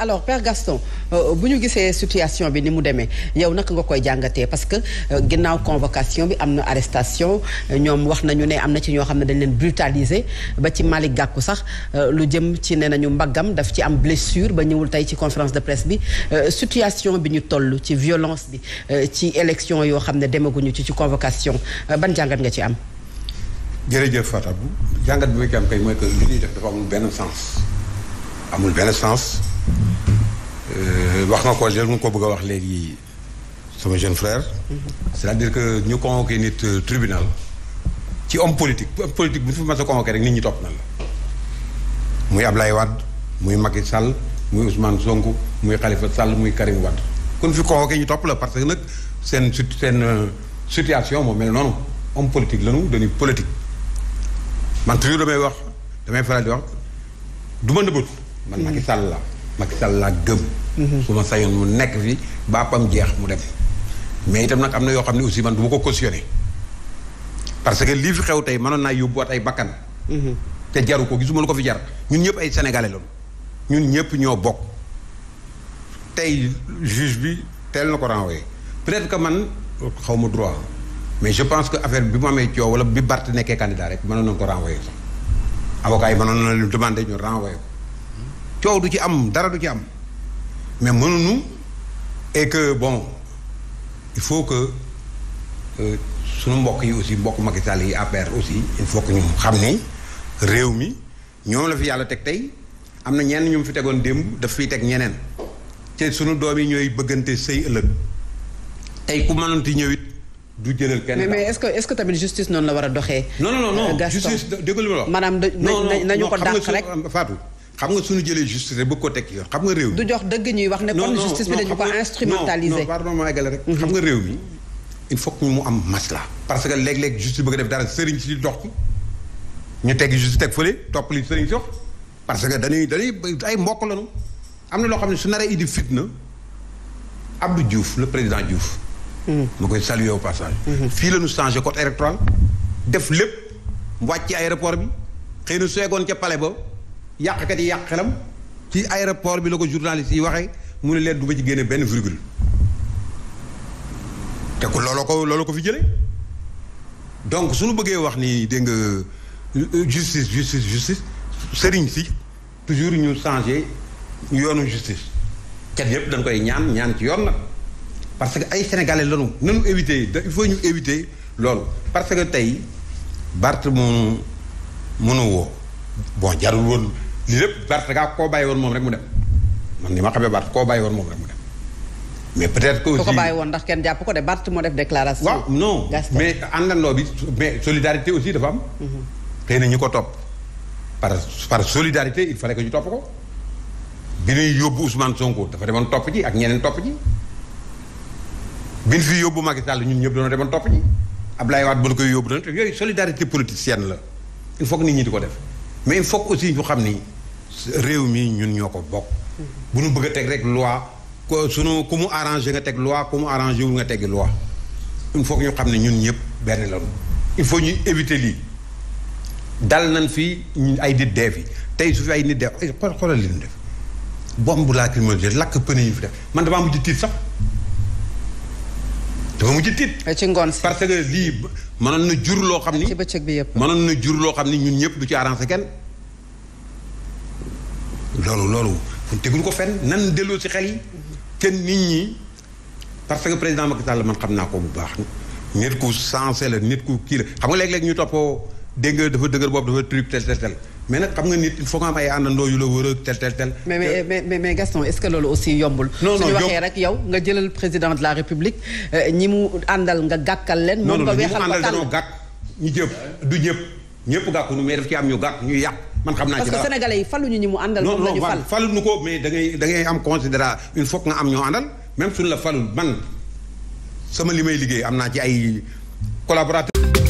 alors Père Gaston euh, bu ñu gisee situation bi ni mu demee yow naka nga koy jàngatee parce que euh, ginnaaw convocation bi am na arrestation ñoom wax nañu ne am na ci ñoo xam ne dañ leen brutaliser ba ci mali gàkku sax euh, lu jëm ci nee nañu mbaggam daf ci am blessure ba ñëwul tey ci conférence de presse bi situation bi ñu toll ci violence bi ci élection yoo xam ne demaguñu ci ci convocation ban jàngat nga ci am. jërëjëf Fatabou jàngat bi ma ci am kay mooy que li benn sens amul benn sens. Euh, wax nga ko jël mu ko bëgg a wax léegi sama jeune frère. c'est-à-dire que ñu convoqué nit euh, tribunal ci homme politique homme politique bu ñu fa mas a convoqué rek nit ñi topp na la. muy Ablaye Wade muy Macky Sall muy Ousmane Sonko muy Khalifa sàll muy Karim Wade kon fi convoqué ñu topp la parce que nag seen su seen euh, situation moom mel noonu homme politique lañu dañuy politique man toujours damay wax damay faral di wax du nëbbatu man Macky Sall la Macky Sall laa gëm. Mhm. su ma sañoon mu nekk fi baapam jeex mu dem. mais itam nag am na yoo xam ne aussi man du ko cautionné parce que lii fi xew tey mënoon naa yóbbuwaat ay bakkan. Mhm. te jaru ko gisuma lu ko fi jar ñun ñëpp ay sénégalais loolu ñun ñëpp ñoo bokk tey juge bi teel na ko renvoyé peut-être que man xaw ma droit mais je pense que affaire bi mu amee coow wala bi Barth nekkee candidat rek mënoon nañu ko renvoyé sax avocat yi mënoon na lu demandé ñu renvoyé coow du ci am dara du ci am mais mënuñu et que bon il faut que euh, suñu mbokk yi aussi mbokk Macky Sall yi APR aussi il faut que ñu xam ne réew mi ñoom la fi yàlla teg tey am na ñenn ñu mu fi tegoon démb daf fiy teg ñeneen te sunu doom yi ñooy bëggante sëy ëllëg tey ku mënanti ñëw it du jëlal kenn. mais mais est-ce que est-ce que tamit a doxee. non non non justice déglu nañu ko dàq rek Fatou. xam nga suñu jëlee justice bëgg ko teg yoon xam nga réew mi. du jox ñuy wax ne kon justice bi dañu mhm. il faut mu am masla parce que léeg-léeg justice bëgg def dara sëriñ si dox ci ñu teg justice teg fële topp li sëriñ si dox parce que dañuy dañuy ay mbokk lañu am na loo xam ne su naree indi fitna Abdou Diouf la président Diouf. mu mhm. koy saluer au passage. Mhm. fii lañu ñu changé code électoral def lépp wàcc ci aéroport bi xëy na su eggoon ca palais ba. yàqkat yi yàq xelam ci aéroport bi la ko journaliste yi waxee mu ne leen du ma ci génne benn virgule te ko looloo ko looloo ko fi jëlee donc suñu bëggee wax ni dégg nga euh, justice justice justice sëriñ si toujours ñu changé yoonu justice cat yëpp dañ koy ñaan ñaan ci yoon na parce que ay sénégalais lanu nanu éviter da il faut ñu éviter loolu parce que tey bart mu mënu woo bon jarul li lépp Barth da koo bàyyi woon moom rek mu dem man ni ma xamee Barth koo bàyyi woon moom rek mu dem. mais peut-être ko bàyyi woon ndax kenn jàpp ko de Barth moo def déclaration. waaw non mais àndandoo bi mais solidarité aussi dafa am. Mhm. na ñu ko topp par par solidarité il fallait que ñu topp ko. bi ñuy yóbbu Ousmane Sonko dafa demoon topp ji ak ñeneen topp ñu fi yóbbu Macky Sall ñun ñëpp doon demoon topp ji Abdoulaye Wade bu ñu koy yóbbu te yooyu solidarité politicienne la il faut nit ñi di ko def. mais il faut aussi ñu xam ni réew mii ñun ñoo ko bokk. Mhm. bu ñu bëgg a teg rek loi ko sunu ku mu arrangé nga teg loi ku mu arrangé wul nga teg loi il faut ñu xam ne ñun ñëpp benn lañu. il faut ñu éviter lii dal nañ fi ay nit dee fi tey su fi ay nit dee xoolal li ñu def bu laa bombe lacrymogène lakk pëne ñu fi def man damaa mujj tiit sax. dafa mujj tiit. Eh, ci ngoon si parce que lii mënoon na jur loo xam ni. ci bi yëpp mënoon na jur loo xam ni ñun ñëpp du ci arrangé kenn. loolu loolu tegul ko fen nan delloo si xel yi. kenn nit ñi parce que président Macky Sall man xam naa ko bu baax. nit ku sensé la nit ku kii la xam nga léeg-léeg ñu toppoo dégg nga dafa dëgër boobu dafa truc tel tel tel. mais nag xam nga nit il faut nga am ay àndandoo yu la wër tel tel tel. mais mais mais mais Gaston est-ce que loolu aussi yombul. non euh, mu àndal nga gàkkal leen. moom nga weexal ko tànn non non ñu jëpp du ñëpp ñëpp gàkkuñu mais ci am ñu gàkk ñu yàq. xam naa ci dara parce que sénégalais yi faluñu mu àndal. moom ñu ko mais da ngay da am considérat une fois nga am ñoo àndal même suñu la falul man sama li may liggéey am naa ci ay collaborateur